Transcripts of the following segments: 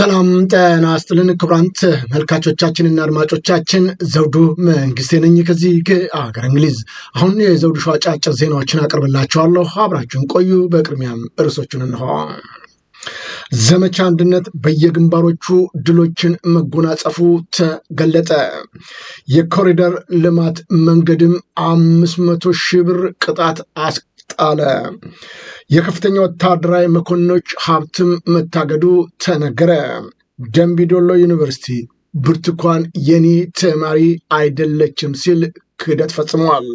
ሰላም ጤና ይስጥልን ክቡራን ተመልካቾቻችንና አድማጮቻችን ዘውዱ መንግስቴ ነኝ ከዚህ ከአገር እንግሊዝ። አሁን የዘውዱ ሾው አጫጭር ዜናዎችን አቀርብላችኋለሁ፣ አብራችሁን ቆዩ። በቅድሚያም ርዕሶቹን እንሆ። ዘመቻ አንድነት በየግንባሮቹ ድሎችን መጎናጸፉ ተገለጠ። የኮሪደር ልማት መንገድም አምስት መቶ ሺህ ብር ቅጣት ጣለ። የከፍተኛ ወታደራዊ መኮንኖች ሀብትም መታገዱ ተነገረ። ደምቢዶሎ ዩኒቨርሲቲ ብርቱካን የኔ ተማሪ አይደለችም ሲል ክህደት ፈጽሟል።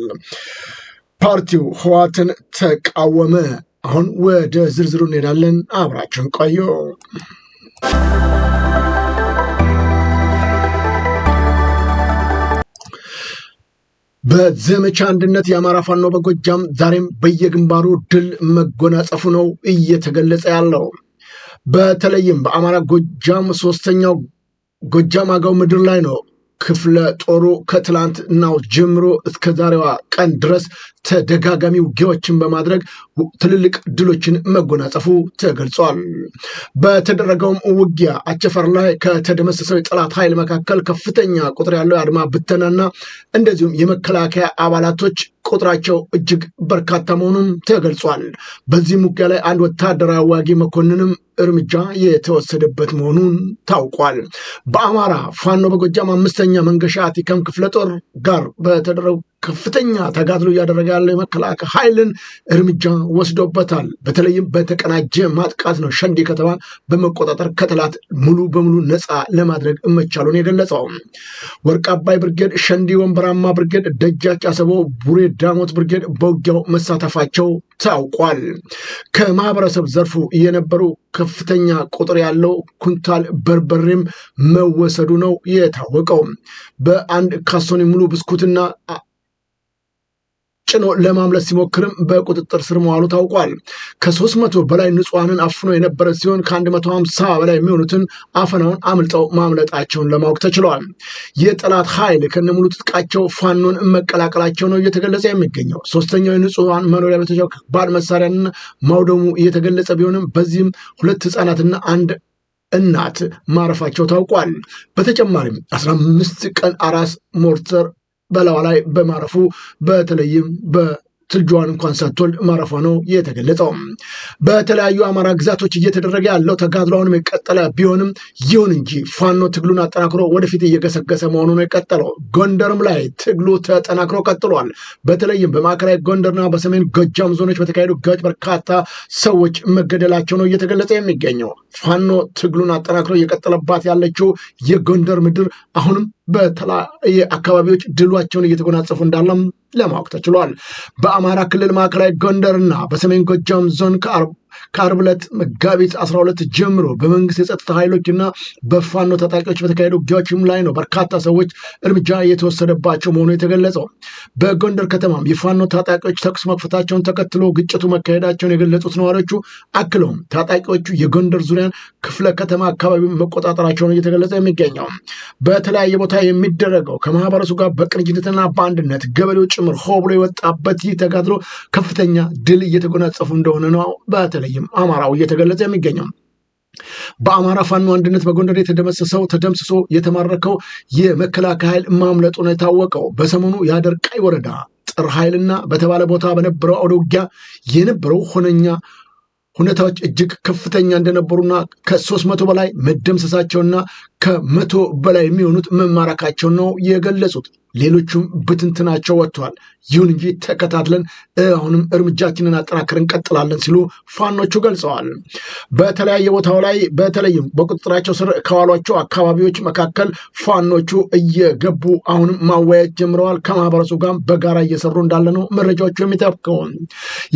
ፓርቲው ህዋትን ተቃወመ። አሁን ወደ ዝርዝሩ እንሄዳለን። አብራችን ቆዩ። በዘመቻ አንድነት የአማራ ፋኖ በጎጃም ዛሬም በየግንባሩ ድል መጎናጸፉ ነው እየተገለጸ ያለው። በተለይም በአማራ ጎጃም ሶስተኛው ጎጃም አገው ምድር ላይ ነው ክፍለ ጦሩ ከትላንትናው ጀምሮ እስከ ዛሬዋ ቀን ድረስ ተደጋጋሚ ውጊያዎችን በማድረግ ትልልቅ ድሎችን መጎናጸፉ ተገልጿል። በተደረገውም ውጊያ አቸፈር ላይ ከተደመሰሰው የጠላት ኃይል መካከል ከፍተኛ ቁጥር ያለው የአድማ ብተናና እንደዚሁም የመከላከያ አባላቶች ቁጥራቸው እጅግ በርካታ መሆኑን ተገልጿል። በዚህም ውጊያ ላይ አንድ ወታደራዊ አዋጊ መኮንንም እርምጃ የተወሰደበት መሆኑን ታውቋል። በአማራ ፋኖ በጎጃም አምስተኛ መንገሻ አቲከም ክፍለ ጦር ጋር በተደረጉ ከፍተኛ ተጋድሎ እያደረገ ያለው የመከላከያ ኃይልን እርምጃ ወስዶበታል። በተለይም በተቀናጀ ማጥቃት ነው ሸንዲ ከተማን በመቆጣጠር ከጠላት ሙሉ በሙሉ ነፃ ለማድረግ እመቻሉን የገለጸው። ወርቅ አባይ ብርጌድ፣ ሸንዲ ወንበራማ ብርጌድ፣ ደጃች አሰቦ፣ ቡሬ ዳሞት ብርጌድ በውጊያው መሳተፋቸው ታውቋል። ከማህበረሰብ ዘርፉ የነበሩ ከፍተኛ ቁጥር ያለው ኩንታል በርበሬም መወሰዱ ነው የታወቀው። በአንድ ካሶኒ ሙሉ ብስኩትና ጭኖ ለማምለት ሲሞክርም በቁጥጥር ስር መዋሉ ታውቋል። ከሶስት መቶ በላይ ንጹሐንን አፍኖ የነበረ ሲሆን ከ150 በላይ የሚሆኑትን አፈናውን አምልጠው ማምለጣቸውን ለማወቅ ተችለዋል። የጠላት ኃይል ከነሙሉ ትጥቃቸው ፋኖን መቀላቀላቸው ነው እየተገለጸ የሚገኘው። ሶስተኛው የንጹሐን መኖሪያ ቤቶቻቸው ከባድ መሳሪያን ማውደሙ እየተገለጸ ቢሆንም በዚህም ሁለት ህፃናትና አንድ እናት ማረፋቸው ታውቋል። በተጨማሪም 15 ቀን አራስ ሞርተር በላዋ ላይ በማረፉ በተለይም በ ትጇን እንኳን ሳትወልድ ማረፏ ነው የተገለጸው። በተለያዩ አማራ ግዛቶች እየተደረገ ያለው ተጋድሎውን የቀጠለ ቢሆንም ይሁን እንጂ ፋኖ ትግሉን አጠናክሮ ወደፊት እየገሰገሰ መሆኑ ነው የቀጠለው። ጎንደርም ላይ ትግሉ ተጠናክሮ ቀጥሏል። በተለይም በማዕከላዊ ጎንደርና በሰሜን ጎጃም ዞኖች በተካሄዱ ገጭ በርካታ ሰዎች መገደላቸው ነው እየተገለጸ የሚገኘው። ፋኖ ትግሉን አጠናክሮ እየቀጠለባት ያለችው የጎንደር ምድር አሁንም በተለያየ አካባቢዎች ድሏቸውን እየተጎናጸፉ እንዳለም ለማወቅ ተችሏል። በአማራ ክልል ማዕከላዊ ጎንደርና በሰሜን ጎጃም ዞን ከአርብ ዕለት መጋቢት 12 ጀምሮ በመንግስት የጸጥታ ኃይሎች እና በፋኖ ታጣቂዎች በተካሄዱ ውጊያዎችም ላይ ነው በርካታ ሰዎች እርምጃ የተወሰደባቸው መሆኑ የተገለጸው። በጎንደር ከተማም የፋኖ ታጣቂዎች ተኩስ መክፈታቸውን ተከትሎ ግጭቱ መካሄዳቸውን የገለጹት ነዋሪዎቹ አክለውም ታጣቂዎቹ የጎንደር ዙሪያን ክፍለ ከተማ አካባቢ መቆጣጠራቸውን እየተገለጸ የሚገኘው በተለያየ ቦታ የሚደረገው ከማህበረሱ ጋር በቅንጅትና በአንድነት ገበሬው ጭምር ሆ ብሎ የወጣበት ይህ ተጋድሎ ከፍተኛ ድል እየተጎናጸፉ እንደሆነ ነው በተለ በተለይም አማራው እየተገለጸ የሚገኘው በአማራ ፋኖ አንድነት በጎንደር የተደመሰሰው ተደምስሶ የተማረከው የመከላከያ ኃይል ማምለጡን የታወቀው በሰሞኑ የአደር ቀይ ወረዳ ጥር ኃይልና በተባለ ቦታ በነበረው አውደ ውጊያ የነበረው ሁነኛ ሁኔታዎች እጅግ ከፍተኛ እንደነበሩና ከሶስት መቶ በላይ መደምሰሳቸውና ከመቶ በላይ የሚሆኑት መማረካቸው ነው የገለጹት። ሌሎቹም ብትንትናቸው ወጥተዋል። ይሁን እንጂ ተከታትለን አሁንም እርምጃችንን አጠናክረን እንቀጥላለን ሲሉ ፋኖቹ ገልጸዋል። በተለያየ ቦታው ላይ በተለይም በቁጥጥራቸው ስር ከዋሏቸው አካባቢዎች መካከል ፋኖቹ እየገቡ አሁንም ማወያየት ጀምረዋል። ከማህበረሰቡ ጋር በጋራ እየሰሩ እንዳለ ነው መረጃዎቹ የሚጠብቀው።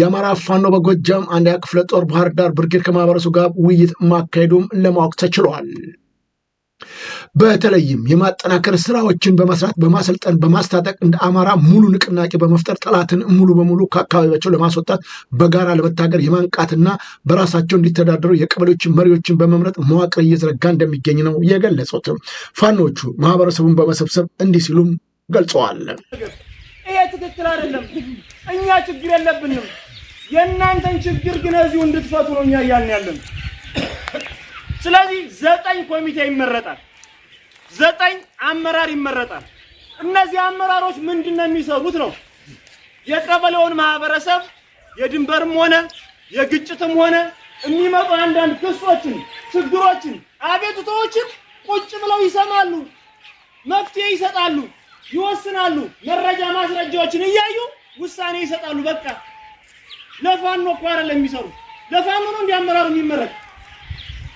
የአማራ ፋኖ በጎጃም አንድ ክፍለ ጦር ባህር ዳር ብርጌድ ከማህበረሰቡ ጋር ውይይት ማካሄዱም ለማወቅ ተችሏል። በተለይም የማጠናከር ስራዎችን በመስራት በማሰልጠን በማስታጠቅ እንደ አማራ ሙሉ ንቅናቄ በመፍጠር ጠላትን ሙሉ በሙሉ ከአካባቢያቸው ለማስወጣት በጋራ ለመታገር የማንቃትና በራሳቸው እንዲተዳደሩ የቀበሌዎችን መሪዎችን በመምረጥ መዋቅር እየዘረጋ እንደሚገኝ ነው የገለጹት። ፋኖቹ ማህበረሰቡን በመሰብሰብ እንዲህ ሲሉም ገልጸዋል። ይሄ ትክክል አይደለም። እኛ ችግር የለብንም። የእናንተን ችግር ግን እዚሁ እንድትፈቱ ነው እኛ እያልን ያለን። ስለዚህ ዘጠኝ ኮሚቴ ይመረጣል። ዘጠኝ አመራር ይመረጣል። እነዚህ አመራሮች ምንድን ነው የሚሰሩት ነው የቀበሌውን ማህበረሰብ የድንበርም ሆነ የግጭትም ሆነ የሚመጡ አንዳንድ ክሶችን፣ ችግሮችን፣ አቤቱታዎችን ቁጭ ብለው ይሰማሉ፣ መፍትሄ ይሰጣሉ፣ ይወስናሉ። መረጃ ማስረጃዎችን እያዩ ውሳኔ ይሰጣሉ። በቃ ለፋኖ እኮ አይደለም የሚሰሩ ለፋኖ ነው እንዲያመራሩ የሚመረጥ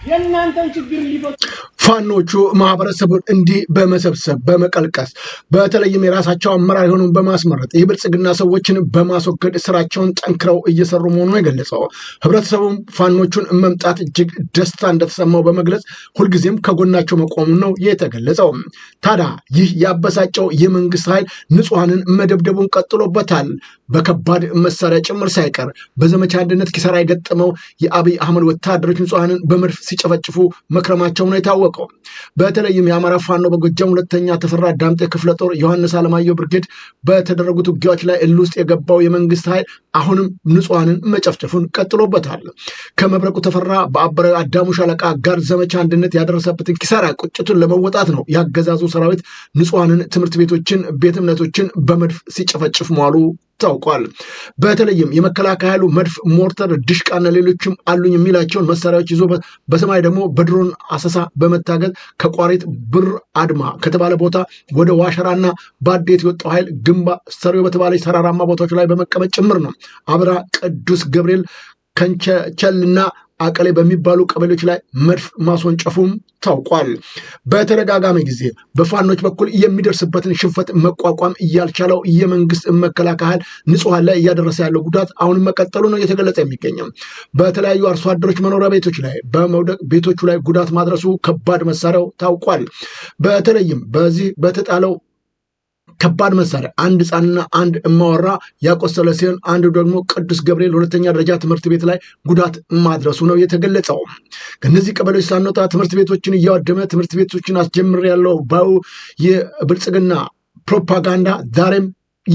የእናንተን ችግር እንዲፈቱ ፋኖቹ ማህበረሰቡን እንዲህ በመሰብሰብ በመቀልቀስ በተለይም የራሳቸው አመራር የሆኑን በማስመረጥ የብልጽግና ሰዎችን በማስወገድ ስራቸውን ጠንክረው እየሰሩ መሆኑን የገለጸው ህብረተሰቡም ፋኖቹን መምጣት እጅግ ደስታ እንደተሰማው በመግለጽ ሁልጊዜም ከጎናቸው መቆሙ ነው የተገለጸው። ታዲያ ይህ ያበሳጨው የመንግስት ኃይል ንጹሐንን መደብደቡን ቀጥሎበታል። በከባድ መሳሪያ ጭምር ሳይቀር በዘመቻ አንድነት ኪሳራ የገጠመው የአብይ አህመድ ወታደሮች ንጹሐንን በመድፍ ሲጨፈጭፉ መክረማቸው ነው የታወቀው። በተለይም የአማራ ፋኖ በጎጃም ሁለተኛ ተፈራ ዳምጤ ክፍለ ጦር ዮሐንስ አለማየሁ ብርጌድ በተደረጉት ውጊያዎች ላይ እል ውስጥ የገባው የመንግስት ኃይል አሁንም ንጹሐንን መጨፍጨፉን ቀጥሎበታል። ከመብረቁ ተፈራ በአበረ አዳሙ ሻለቃ ጋር ዘመቻ አንድነት ያደረሰበትን ኪሳራ ቁጭቱን ለመወጣት ነው ያገዛዙ ሰራዊት ንጹሐንን ትምህርት ቤቶችን፣ ቤት እምነቶችን በመድፍ ሲጨፈጭፍ መዋሉ ታውቋል። በተለይም የመከላከያ ኃይሉ መድፍ፣ ሞርተር፣ ድሽቃና ሌሎችም አሉኝ የሚላቸውን መሳሪያዎች ይዞ በሰማይ ደግሞ በድሮን አሰሳ በመታገዝ ከቋሪት ብር አድማ ከተባለ ቦታ ወደ ዋሸራና ባዴት የወጣው ኃይል ግንባ ሰሪ በተባለ ተራራማ ቦታዎች ላይ በመቀመጥ ጭምር ነው አብራ ቅዱስ ገብርኤል ከንቸቸልና አቀሌ በሚባሉ ቀበሌዎች ላይ መድፍ ማስወንጨፉም ታውቋል። በተደጋጋሚ ጊዜ በፋኖች በኩል የሚደርስበትን ሽንፈት መቋቋም እያልቻለው የመንግስት መከላከያ ንጹሐን ላይ እያደረሰ ያለው ጉዳት አሁን መቀጠሉ ነው እየተገለጸ የሚገኘው። በተለያዩ አርሶ አደሮች መኖሪያ ቤቶች ላይ በመውደቅ ቤቶቹ ላይ ጉዳት ማድረሱ ከባድ መሳሪያው ታውቋል። በተለይም በዚህ በተጣለው ከባድ መሳሪያ አንድ ህፃንና አንድ እማወራ ያቆሰለ ሲሆን አንዱ ደግሞ ቅዱስ ገብርኤል ሁለተኛ ደረጃ ትምህርት ቤት ላይ ጉዳት ማድረሱ ነው የተገለጸው። ከነዚህ ቀበሌዎች ሳንወጣ ትምህርት ቤቶችን እያወደመ ትምህርት ቤቶችን አስጀምር ያለው ባው የብልጽግና ፕሮፓጋንዳ ዛሬም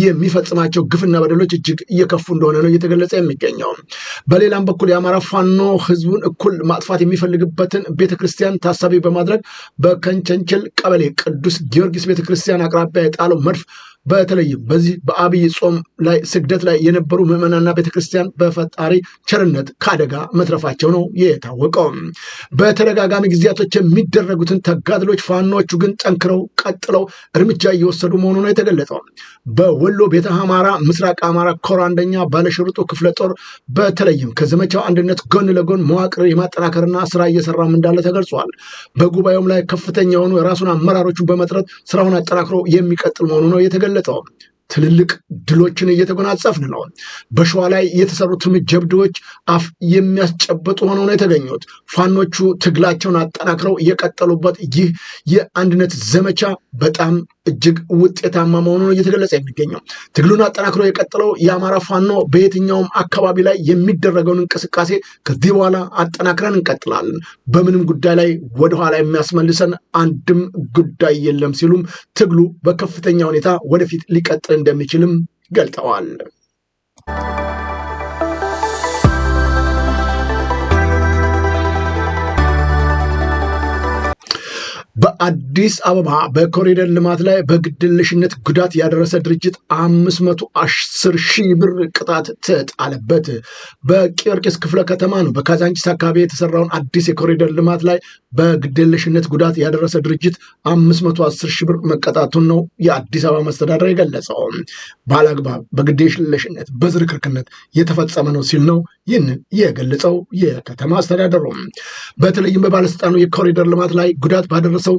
የሚፈጽማቸው ግፍና በደሎች እጅግ እየከፉ እንደሆነ ነው እየተገለጸ የሚገኘው። በሌላም በኩል የአማራ ፋኖ ህዝቡን እኩል ማጥፋት የሚፈልግበትን ቤተክርስቲያን ታሳቢ በማድረግ በከንቸንችል ቀበሌ ቅዱስ ጊዮርጊስ ቤተክርስቲያን አቅራቢያ የጣለው መድፍ በተለይም በዚህ በአብይ ጾም ላይ ስግደት ላይ የነበሩ ምዕመናና ቤተክርስቲያን በፈጣሪ ቸርነት ከአደጋ መትረፋቸው ነው የታወቀው። በተደጋጋሚ ጊዜያቶች የሚደረጉትን ተጋድሎች ፋኖቹ ግን ጠንክረው ቀጥለው እርምጃ እየወሰዱ መሆኑ ነው የተገለጠው። በወሎ ቤተ አማራ ምስራቅ አማራ ኮር አንደኛ ባለሽርጡ ክፍለ ጦር በተለይም ከዘመቻው አንድነት ጎን ለጎን መዋቅር የማጠናከርና ስራ እየሰራም እንዳለ ተገልጿል። በጉባኤውም ላይ ከፍተኛ የሆኑ የራሱን አመራሮቹን በመጥረት ስራውን አጠናክሮ የሚቀጥል መሆኑ ነው የተገለ 走，ትልልቅ ድሎችን እየተጎናጸፍን ነው። በሸዋ ላይ የተሰሩትም ጀብዶዎች አፍ የሚያስጨበጡ ሆነው ነው የተገኙት። ፋኖቹ ትግላቸውን አጠናክረው የቀጠሉበት ይህ የአንድነት ዘመቻ በጣም እጅግ ውጤታማ መሆኑ ነው እየተገለጸ የሚገኘው። ትግሉን አጠናክሮ የቀጠለው የአማራ ፋኖ በየትኛውም አካባቢ ላይ የሚደረገውን እንቅስቃሴ ከዚህ በኋላ አጠናክረን እንቀጥላለን፣ በምንም ጉዳይ ላይ ወደኋላ የሚያስመልሰን አንድም ጉዳይ የለም ሲሉም ትግሉ በከፍተኛ ሁኔታ ወደፊት ሊቀጥል እንደሚችልም ገልጠዋል። በአዲስ አበባ በኮሪደር ልማት ላይ በግድልሽነት ጉዳት ያደረሰ ድርጅት አምስት መቶ አስር ሺህ ብር ቅጣት ተጣለበት። በቂርቂስ ክፍለ ከተማ ነው በካዛንቺስ አካባቢ የተሰራውን አዲስ የኮሪደር ልማት ላይ በግድልሽነት ጉዳት ያደረሰ ድርጅት አምስት መቶ አስር ሺህ ብር መቀጣቱን ነው የአዲስ አበባ መስተዳደር የገለጸው። ባላግባብ በግድልሽነት በዝርክርክነት የተፈጸመ ነው ሲል ነው ይህን የገለጸው የከተማ አስተዳደሩ። በተለይም በባለስልጣኑ የኮሪደር ልማት ላይ ጉዳት ባደረሰው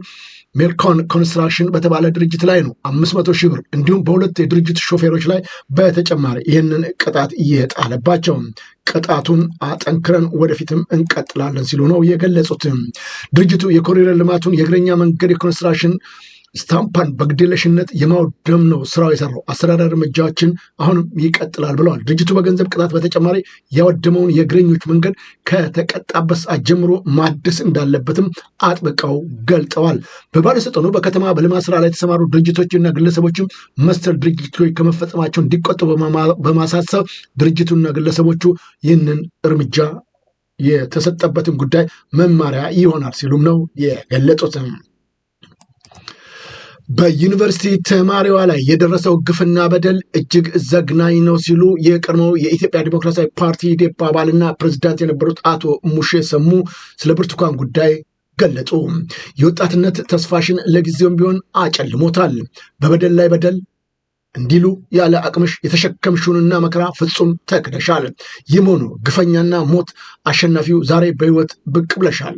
ሜልኮን ኮንስትራክሽን በተባለ ድርጅት ላይ ነው አምስት መቶ ሺህ ብር እንዲሁም በሁለት የድርጅት ሾፌሮች ላይ በተጨማሪ ይህንን ቅጣት እየጣለባቸው ቅጣቱን አጠንክረን ወደፊትም እንቀጥላለን ሲሉ ነው የገለጹት። ድርጅቱ የኮሪደር ልማቱን የእግረኛ መንገድ የኮንስትራክሽን ስታምፓን በግዴለሽነት የማውደም ነው ስራው የሰራው። አስተዳደር እርምጃዎችን አሁንም ይቀጥላል ብለዋል። ድርጅቱ በገንዘብ ቅጣት በተጨማሪ ያወደመውን የእግረኞች መንገድ ከተቀጣበት ሰዓት ጀምሮ ማደስ እንዳለበትም አጥብቀው ገልጠዋል። በባለስልጣኑ በከተማ በልማት ስራ ላይ የተሰማሩ ድርጅቶችና ግለሰቦችም መሰል ድርጊቶች ከመፈጸማቸው እንዲቆጠቡ በማሳሰብ ድርጅቱና ግለሰቦቹ ይህንን እርምጃ የተሰጠበትን ጉዳይ መማሪያ ይሆናል ሲሉም ነው የገለጡትም። በዩኒቨርሲቲ ተማሪዋ ላይ የደረሰው ግፍና በደል እጅግ ዘግናኝ ነው ሲሉ የቀድሞው የኢትዮጵያ ዲሞክራሲያዊ ፓርቲ ዴፓ አባልና ፕሬዝዳንት የነበሩት አቶ ሙሼ ሰሙ ስለ ብርቱካን ጉዳይ ገለጹ። የወጣትነት ተስፋሽን ለጊዜውም ቢሆን አጨልሞታል። በበደል ላይ በደል እንዲሉ ያለ አቅምሽ የተሸከምሽውንና መከራ ፍጹም ተክደሻል። ይህም ሆኖ ግፈኛና ሞት አሸናፊው ዛሬ በህይወት ብቅ ብለሻል።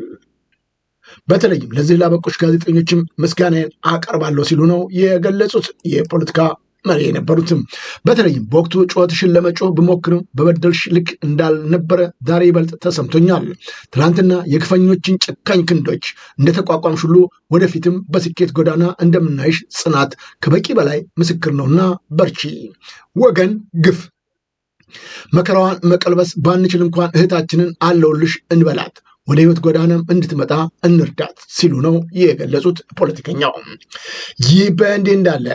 በተለይም ለዚህ ላበቁሽ ጋዜጠኞችም ምስጋናዬን አቀርባለሁ ሲሉ ነው የገለጹት። የፖለቲካ መሪ የነበሩትም በተለይም በወቅቱ ጩኸትሽን ለመጮህ ብሞክርም በበደልሽ ልክ እንዳልነበረ ዛሬ ይበልጥ ተሰምቶኛል። ትናንትና የግፈኞችን ጨካኝ ክንዶች እንደተቋቋምሽ ሁሉ ወደፊትም በስኬት ጎዳና እንደምናይሽ ጽናት ከበቂ በላይ ምስክር ነውና በርቺ። ወገን ግፍ መከራዋን መቀልበስ ባንችል እንኳን እህታችንን አለውልሽ እንበላት ወደ ህይወት ጎዳናም እንድትመጣ እንርዳት ሲሉ ነው የገለጹት ፖለቲከኛው። ይህ በእንዲህ እንዳለ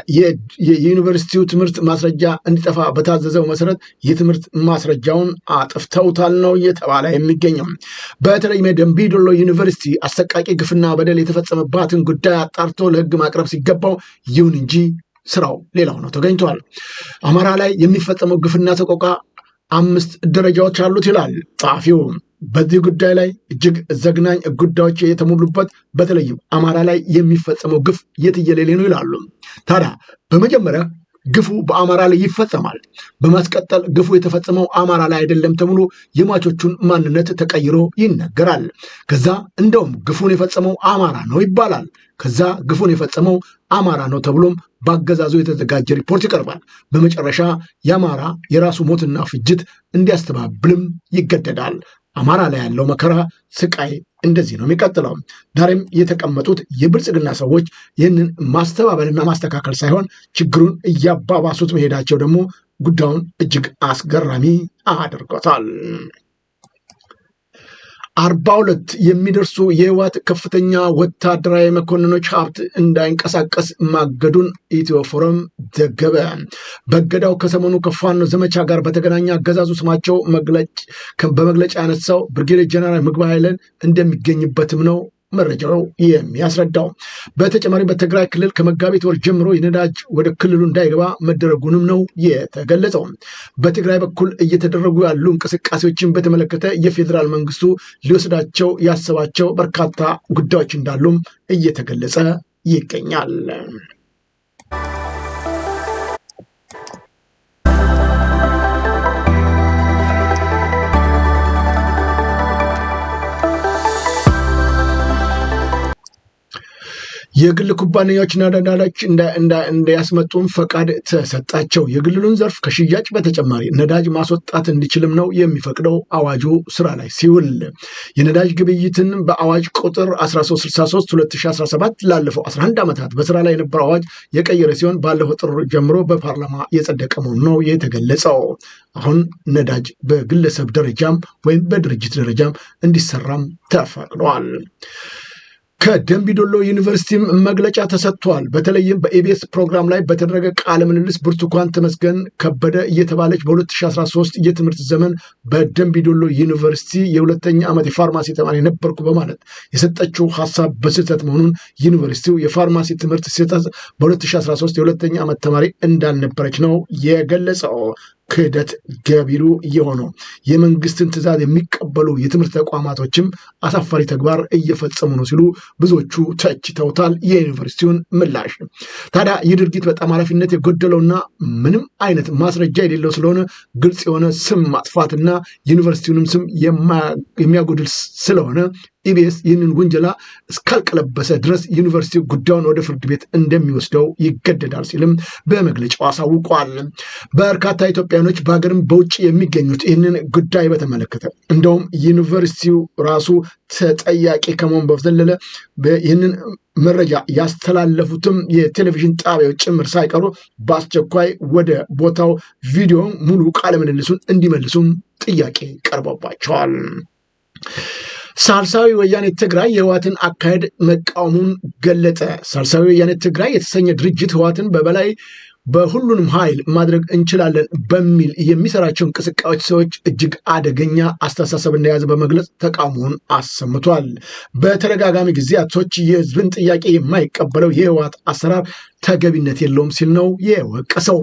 የዩኒቨርሲቲው ትምህርት ማስረጃ እንዲጠፋ በታዘዘው መሰረት የትምህርት ማስረጃውን አጥፍተውታል ነው እየተባለ የሚገኘው። በተለይም ደምቢዶሎ ዩኒቨርሲቲ አሰቃቂ ግፍና በደል የተፈጸመባትን ጉዳይ አጣርቶ ለህግ ማቅረብ ሲገባው ይሁን እንጂ ስራው ሌላው ነው ተገኝቷል። አማራ ላይ የሚፈጸመው ግፍና ሰቆቃ አምስት ደረጃዎች አሉት ይላል ጸሐፊው። በዚህ ጉዳይ ላይ እጅግ ዘግናኝ ጉዳዮች የተሞሉበት በተለይም አማራ ላይ የሚፈጸመው ግፍ የትየሌሌ ነው ይላሉ። ታዲያ በመጀመሪያ ግፉ በአማራ ላይ ይፈጸማል። በማስቀጠል ግፉ የተፈጸመው አማራ ላይ አይደለም ተብሎ የሟቾቹን ማንነት ተቀይሮ ይነገራል። ከዛ እንደውም ግፉን የፈጸመው አማራ ነው ይባላል። ከዛ ግፉን የፈጸመው አማራ ነው ተብሎም በአገዛዙ የተዘጋጀ ሪፖርት ይቀርባል። በመጨረሻ የአማራ የራሱ ሞትና ፍጅት እንዲያስተባብልም ይገደዳል። አማራ ላይ ያለው መከራ፣ ስቃይ እንደዚህ ነው የሚቀጥለው። ዛሬም የተቀመጡት የብልጽግና ሰዎች ይህንን ማስተባበልና ማስተካከል ሳይሆን ችግሩን እያባባሱት መሄዳቸው ደግሞ ጉዳዩን እጅግ አስገራሚ አድርጎታል። አርባ ሁለት የሚደርሱ የህወሓት ከፍተኛ ወታደራዊ መኮንኖች ሀብት እንዳይንቀሳቀስ ማገዱን ኢትዮ ፎረም ዘገበ። በገዳው ከሰሞኑ ከፋኖ ዘመቻ ጋር በተገናኘ አገዛዙ ስማቸው በመግለጫ ያነሳው ብርጌዴ ጀነራል ምግባ ኃይልን እንደሚገኝበትም ነው መረጃው የሚያስረዳው። በተጨማሪም በትግራይ ክልል ከመጋቢት ወር ጀምሮ የነዳጅ ወደ ክልሉ እንዳይገባ መደረጉንም ነው የተገለጸው። በትግራይ በኩል እየተደረጉ ያሉ እንቅስቃሴዎችን በተመለከተ የፌዴራል መንግስቱ ሊወስዳቸው ያሰባቸው በርካታ ጉዳዮች እንዳሉም እየተገለጸ ይገኛል። የግል ኩባንያዎች ነዳጅ እንዲያስመጡም ፈቃድ ተሰጣቸው። የግልሉን ዘርፍ ከሽያጭ በተጨማሪ ነዳጅ ማስወጣት እንዲችልም ነው የሚፈቅደው አዋጁ ስራ ላይ ሲውል የነዳጅ ግብይትን በአዋጅ ቁጥር 1363/2017 ላለፈው 11 ዓመታት በስራ ላይ የነበረው አዋጅ የቀየረ ሲሆን ባለፈው ጥር ጀምሮ በፓርላማ የጸደቀ መሆኑ ነው የተገለጸው። አሁን ነዳጅ በግለሰብ ደረጃም ወይም በድርጅት ደረጃም እንዲሰራም ተፈቅዷል። ከደምቢዶሎ ዩኒቨርሲቲም መግለጫ ተሰጥቷል። በተለይም በኢቢኤስ ፕሮግራም ላይ በተደረገ ቃለ ምልልስ ብርቱካን ተመስገን ከበደ እየተባለች በ2013 የትምህርት ዘመን በደምቢዶሎ ዩኒቨርሲቲ የሁለተኛ ዓመት የፋርማሲ ተማሪ ነበርኩ በማለት የሰጠችው ሀሳብ በስህተት መሆኑን ዩኒቨርሲቲው የፋርማሲ ትምህርት ሲሰጥ በ2013 የሁለተኛ ዓመት ተማሪ እንዳልነበረች ነው የገለጸው። ክህደት ገቢሩ የሆነው የመንግስትን ትዕዛዝ የሚቀበሉ የትምህርት ተቋማቶችም አሳፋሪ ተግባር እየፈጸሙ ነው ሲሉ ብዙዎቹ ተችተውታል የዩኒቨርሲቲውን ምላሽ። ታዲያ ይህ ድርጊት በጣም ኃላፊነት የጎደለውና ምንም አይነት ማስረጃ የሌለው ስለሆነ ግልጽ የሆነ ስም ማጥፋትና ዩኒቨርሲቲውንም ስም የሚያጎድል ስለሆነ ኢቢኤስ ይህንን ውንጀላ እስካልቀለበሰ ድረስ ዩኒቨርሲቲ ጉዳዩን ወደ ፍርድ ቤት እንደሚወስደው ይገደዳል ሲልም በመግለጫው አሳውቋል። በርካታ ኢትዮጵያኖች በሀገርም በውጭ የሚገኙት ይህንን ጉዳይ በተመለከተ እንደውም ዩኒቨርሲቲው ራሱ ተጠያቂ ከመሆን በዘለለ ይህንን መረጃ ያስተላለፉትም የቴሌቪዥን ጣቢያዎች ጭምር ሳይቀሩ በአስቸኳይ ወደ ቦታው ቪዲዮን ሙሉ ቃለ ምልልሱን እንዲመልሱም ጥያቄ ቀርቦባቸዋል። ሳልሳዊ ወያኔ ትግራይ የህወሓትን አካሄድ መቃወሙን ገለጠ ሳልሳዊ ወያኔ ትግራይ የተሰኘ ድርጅት ህወሓትን በበላይ በሁሉንም ኃይል ማድረግ እንችላለን በሚል የሚሰራቸው እንቅስቃሴዎች ሰዎች እጅግ አደገኛ አስተሳሰብ እንደያዘ በመግለጽ ተቃውሞውን አሰምቷል። በተደጋጋሚ ጊዜያቶች የህዝብን ጥያቄ የማይቀበለው የህወሓት አሰራር ተገቢነት የለውም ሲል ነው የወቀሰው።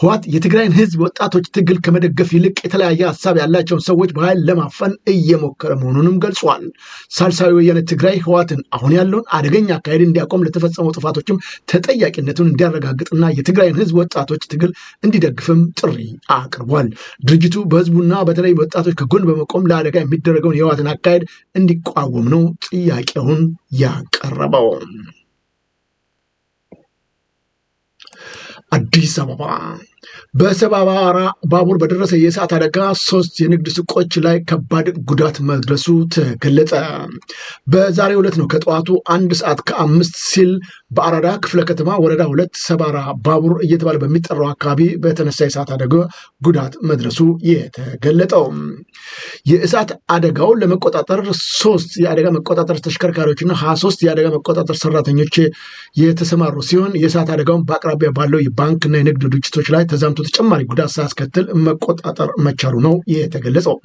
ህወሓት የትግራይን ህዝብ ወጣቶች ትግል ከመደገፍ ይልቅ የተለያየ ሀሳብ ያላቸውን ሰዎች በኃይል ለማፈን እየሞከረ መሆኑንም ገልጿል። ሳልሳዊ ወያነ ትግራይ ህወሓትን አሁን ያለውን አደገኛ አካሄድ እንዲያቆም ለተፈጸመው ጥፋቶችም ተጠያቂነቱን እንዲያረጋግጥና የትግራይን ህዝብ ወጣቶች ትግል እንዲደግፍም ጥሪ አቅርቧል። ድርጅቱ በህዝቡና በተለይ ወጣቶች ከጎን በመቆም ለአደጋ የሚደረገውን የህወሓትን አካሄድ እንዲቋወም ነው ጥያቄውን ያቀረበው። አዲስ አበባ በሰባባራ ባቡር በደረሰ የእሳት አደጋ ሶስት የንግድ ሱቆች ላይ ከባድ ጉዳት መድረሱ ተገለጸ። በዛሬው ዕለት ነው ከጠዋቱ አንድ ሰዓት ከአምስት ሲል በአራዳ ክፍለ ከተማ ወረዳ ሁለት ሰባራ ባቡር እየተባለ በሚጠራው አካባቢ በተነሳ የእሳት አደጋ ጉዳት መድረሱ የተገለጠው። የእሳት አደጋውን ለመቆጣጠር ሶስት የአደጋ መቆጣጠር ተሽከርካሪዎችና ሀያ ሶስት የአደጋ መቆጣጠር ሰራተኞች የተሰማሩ ሲሆን የእሳት አደጋውን በአቅራቢያ ባለው የባንክና የንግድ ድርጅቶች ላይ ተዛምቶ ተጨማሪ ጉዳት ሳያስከትል መቆጣጠር መቻሉ ነው የተገለጸው።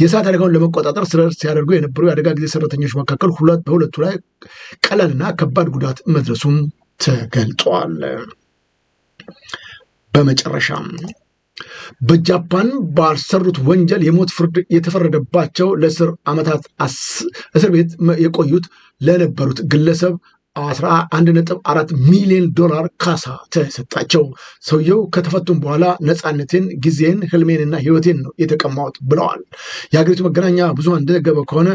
የእሳት አደጋውን ለመቆጣጠር ስረር ሲያደርጉ የነበሩ የአደጋ ጊዜ ሰራተኞች መካከል ሁለት በሁለቱ ላይ ቀላልና ከባድ ጉዳት መድረሱም ተገልጧል። በመጨረሻም በጃፓን ባልሰሩት ወንጀል የሞት ፍርድ የተፈረደባቸው ለስር ዓመታት እስር ቤት የቆዩት ለነበሩት ግለሰብ አስራ አንድ ነጥብ አራት ሚሊዮን ዶላር ካሳ ተሰጣቸው። ሰውየው ከተፈቱም በኋላ ነፃነትን፣ ጊዜን፣ ህልሜንና ህይወቴን ነው የተቀማሁት ብለዋል። የሀገሪቱ መገናኛ ብዙሃን እንደዘገበው ከሆነ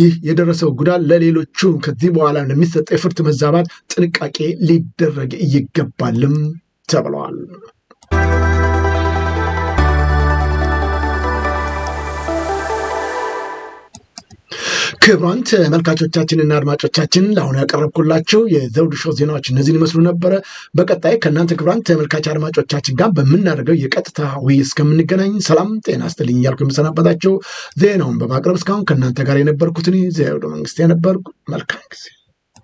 ይህ የደረሰው ጉዳት ለሌሎቹ ከዚህ በኋላ ለሚሰጠው የፍርድ መዛባት ጥንቃቄ ሊደረግ ይገባልም ተብለዋል። ክቡራን ተመልካቾቻችንና አድማጮቻችን ለአሁኑ ያቀረብኩላቸው የዘውዱ ሾው ዜናዎች እነዚህን ይመስሉ ነበረ። በቀጣይ ከእናንተ ክቡራን ተመልካች አድማጮቻችን ጋር በምናደርገው የቀጥታ ውይይት እስከምንገናኝ ሰላም ጤና ስጥልኝ እያልኩ የምሰናበታቸው ዜናውን በማቅረብ እስካሁን ከእናንተ ጋር የነበርኩት እኔ ዘውዱ መንግስት የነበርኩ መልካም ጊዜ